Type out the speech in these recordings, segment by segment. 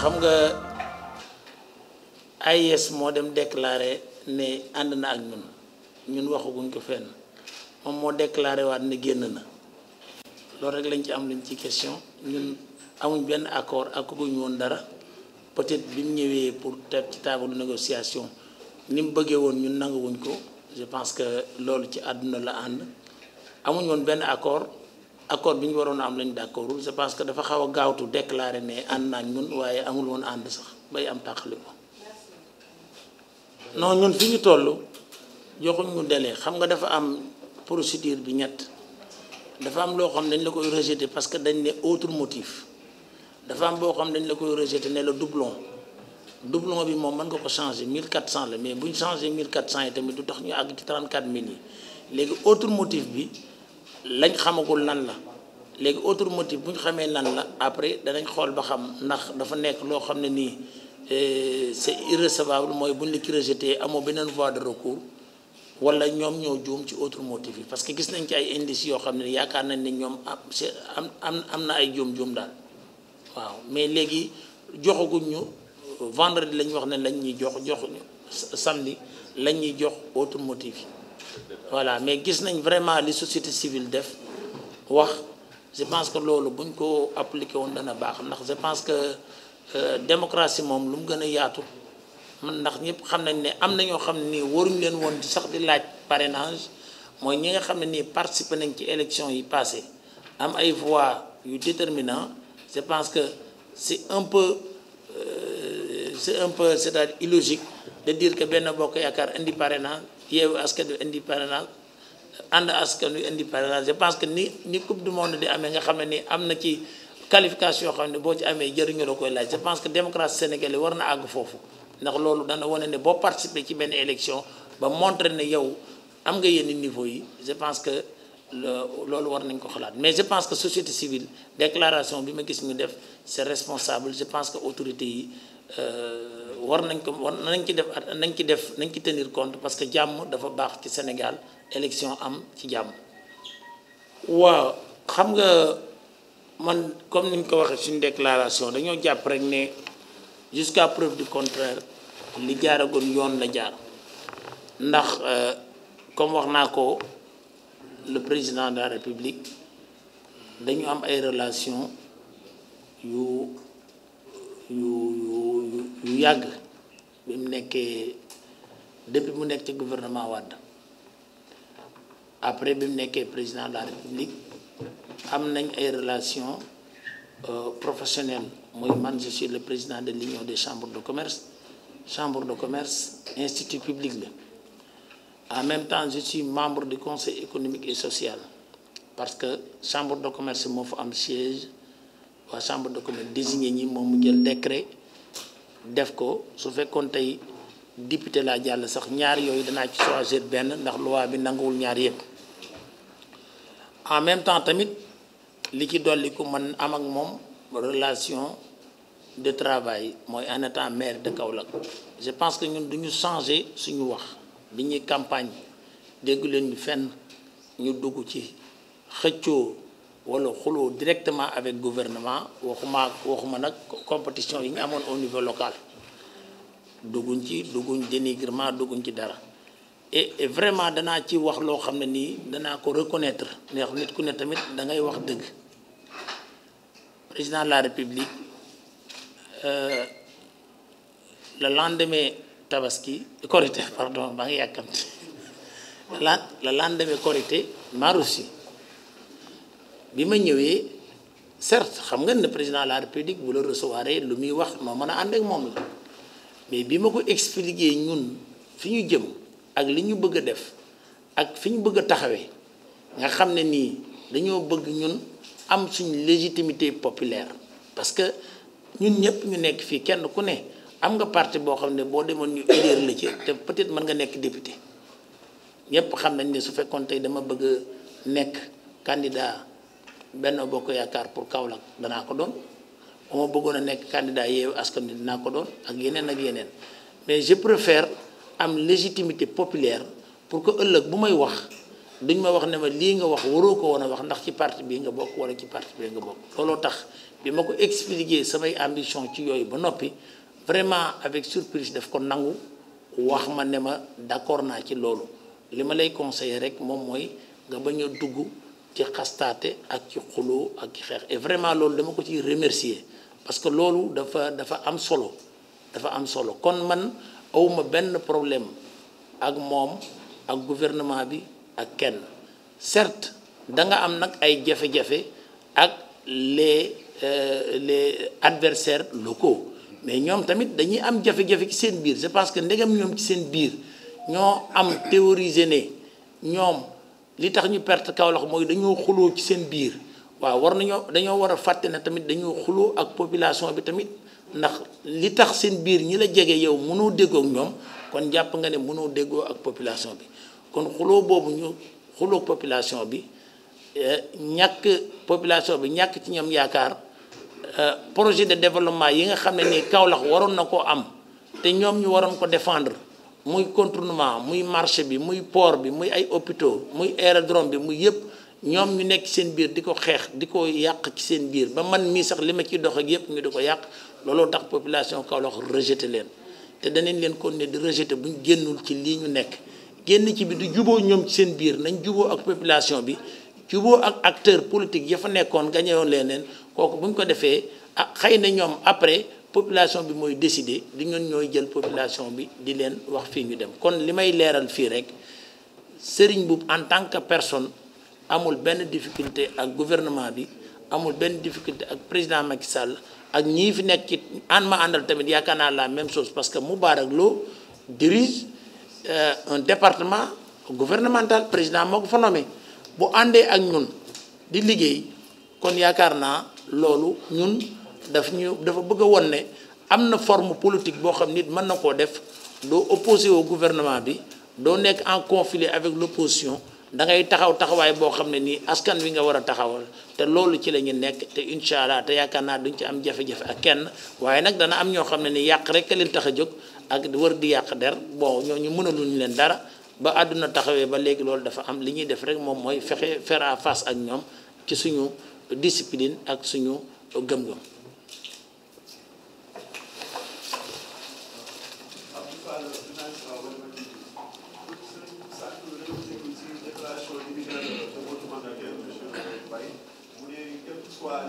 xam nga ay AIS moo dem déclarer ne ànd na ak ñun ñun waxaguñ ko fenn moom moo déclaré waat ne génn na loolu rek lañ ci am luñ ci question ñun amuñ benn accord akkuguñ woon dara peut-être bi mu ñëwee pour teg ci taabalu négociation ni mu bëggee woon ñun nanguwuñ ko je pense que loolu ci àdduna la ànd amuñ woon benn accord accord bi ñu waroon a am lañ d'accordul c'est parce que dafa xaw a gaawtu déclarer ne ànd naa ñun waaye amul woon ànd sax bay am tàqali non ñun fi ñu toll joxuñ ñu délai xam nga dafa am procédure bi ñett dafa am loo xam dañ la koy rejeter parce que dañ ne autre motif dafa am boo xam dañ la koy rejeter ne la doublon doublon bi moom mën nga ko changer 1400 la mais bu changer 1400 yi tamit du tax ñu àgg ci 34000 yi léegi autre motif bi lañ xamagul nan la léegi autre motif buñ xamé nan la après dañ xol ba xam ndax dafa nek lo xamné ni nii euh, c'est irrecevable moy buñ la ci rejeté amoo beneen voie de recours wala ñom ñoo joom ci autre motif yi parce que gis nañ ci ay indices yo xamné ne yaakaar nañ ni ñom am am na ay joom joom daal waaw mais léegi joxaguñ ñu vendredi lañ wax ne lañ ñi jox jox samedi lañ ñi jox autre motif voilà mais gis nañ vraiment les sociétés civiles, def je pense que buñ ko appliqué dana je pense que euh, démocratie mom lu man ndax ne am xam parrainage ñi nga xam participer élection voix déterminant je pense que c'est un peu euh, c'est un peu cest illogique de dire que ben bokk indi yeewu askan wi indi parrainage ànd askan wi indi indépendant. je pense que ni ni coupe du monde di amee nga xam ne am na ci qualification yoo xam ne boo ci amee jëriñu la koy laaj je pense que démocratie sénégalaise war na àgg foofu ndax loolu dana wane ne boo participer ci benn élection ba montrer ne yow am nga yenn niveau yi je pense que loolu war nañ ko xalaat mais je pense que société civile déclaration bi ma gis ñu def c'est responsable je pense que autorité yi euh, war nañ ko war nañ ci def nañ ci def nañ ci tenir compte parce que jàmm dafa baax ci Sénégal élection am ci jàmm waaw xam nga man comme ni ñu ko waxee suñu déclaration dañoo jàpp rek ne jusqu'à preuve du contraire li jaaragoon yoon la jaar ndax euh, comme wax naa ko le président de la République dañu am ay relations yu yu depuis gouvernement après président de la république am nañ euh, je suis le président de l'union des chambres de commerce chambre de commerce institut public en même temps je suis membre du conseil économique et social parce que chambre de commerce moo fa siège la chambre de commerce désigné ñi décret def ko su fekkoon tey député laa jàll sax ñaar yooyu danaa ci choisir benn ndax loi bi nanguwul ñaar yëpp en même temps tamit li ci dolliku man am ak moom relation de travail mooy en étant maire de Kaolack je pense que ñun duñu changer suñu wax bi ñuy campagne dégg leen ñu fenn ñu dugg ci xëccoo wala xuloo directement avec gouvernement waxuma waxuma nag compétition yi ñu amoon au niveau local dugguñ ci dugguñ dénigrement dugguñ ci dara et vraiment danaa ci wax loo xam ne nii ko reconnaître neex nit ku ne tamit da ngay wax dëgg président de la république euh, le lendemain tabaski korité pardon ba nga yàkkamte le lendemain korité maa reçu bi ma ñëwee certes xam nga ne président la république bu la recevoir lu muy wax moo mën a ànd ak moom la mais bi ma ko expliquer ñun fi ñu jëm ak li ñu bëgg a def ak fi ñu bëgg a taxawee nga xam ne nii dañoo bëgg ñun am suñ légitimité populaire parce que ñun ñëpp ñu nekk fii kenn ku ne am nga parti boo xam ne boo demoon ñu élire la ci te peut-être mën nga nekk député ñëpp xam nañ ne su fekkoon te dama bëgg a nekk candidat ben Bokk yakar pour Kaolack danaa ko don mo ma nek candidat Yewwi Askan Wi na ko don ak yenen ak yenen mais je préfère am légitimité populaire pour que euleuk bu may wax duñ ma wax ne ma li nga wax waroo ko wona wax ndax ci parti bi nga bok wala ci parti bi nga bokk looloo tax bi ma ko expliquer samay ambition ci yoy ba nopi vraiment avec surprise daf ko nangu wax ma ne ma d'accord na ci loolu li ma lay conseiller rek mom moy nga bañ dugg ci xastaate ak ci xuloo ak ci xeex et vraiment loolu dama ko ci remercier parce que loolu dafa dafa am solo dafa am solo kon man awma benn problème ak moom ak gouvernement bi ak kenn certes da nga am nag ay jafe-jafe ak les euh, les adversaires locaux mais ñoom tamit dañuy am jafe-jafe ci seen biir je pense que ndegam ñoom ci seen biir ñoo am théorisé ne ñoom li tax ñu perte Kaolack mooy dañoo xuloo ci seen biir waaw war nañoo dañoo war a fàtte ne tamit dañoo xuloo ak population bi tamit ndax li tax seen biir ñi la jege yow mënoo déggoo ñoom kon jàpp nga ne mënoo déggoo ak population bi kon xuloo boobu ñu xuloo population bi eh, ñàkk population bi ñàkk ci ñoom yaakaar eh, projet de développement yi nga xam ne nii Kaolack waroon na koo am te ñoom ñu waroon ko défendre muy contournement muy marché bi muy port bi muy ay hôpitaux muy aérodrome bi muy yëpp ñoom ñu nekk seen biir di ko xeex di ko yàq ci seen biir ba man mii sax li ma ciy dox ak yëpp ñu di ko yàq looloo tax population Kaolack rejeté leen te danañ leen kon ne di rejeté buñ génnul ci lii ñu nekk génn ci bi du juboo ñoom ci seen biir nañ juboo ak population bi juboo ak acteur politique ya fa nekkoon gañewoon leneen kooku buñ ko defee ah xëy na ñoom après population bi moy décidé di ñun ñoy jël population bi di leen wax fi ñu dem kon limay léral fi rek Serigne bu en tant que personne amul ben difficulté ak gouvernement bi amul ben difficulté ak président Macky Sall ak ñi fi nek ci an ma andal tamit yaakaar la même chose parce que Moubarak Lo dirige euh, un département gouvernemental président moo ko fa nommé bu andé ak ñun di liggéey kon yakarna lolu ñun. daf ñu dafa bëgg a won ne am na forme politique boo xam nit mën na koo def doo opposé au gouvernement bi doo nekk en conflit avec l'opposition da ngay taxaw taxawaay boo xam ne nii askan wi nga war a taxawal te loolu ci la ñu nekk te incha allah te yaakaar naa duñ ci am jafe-jafe ak kenn waaye nag dana am ñoo xam ne ni yàq rekk leen tax a jóg ak wër di yàq der boo ñoo ñu ñooñu mënaluñu leen dara ba àdduna taxawee ba léegi loolu dafa am li ñuy def rek moom mooy fexe faire ak ñoom ci suñu discipline ak suñu gëm-gëm.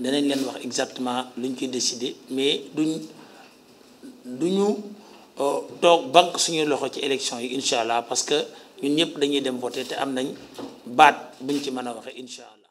danañ leen wax exactement luñ koy décider mais duñ duñu euh, toog banque suñu loxo ci élection yi incha allah parce que ñun ñëpp dañuy dem voter te am nañ baat buñ ci mën a waxee incha allah.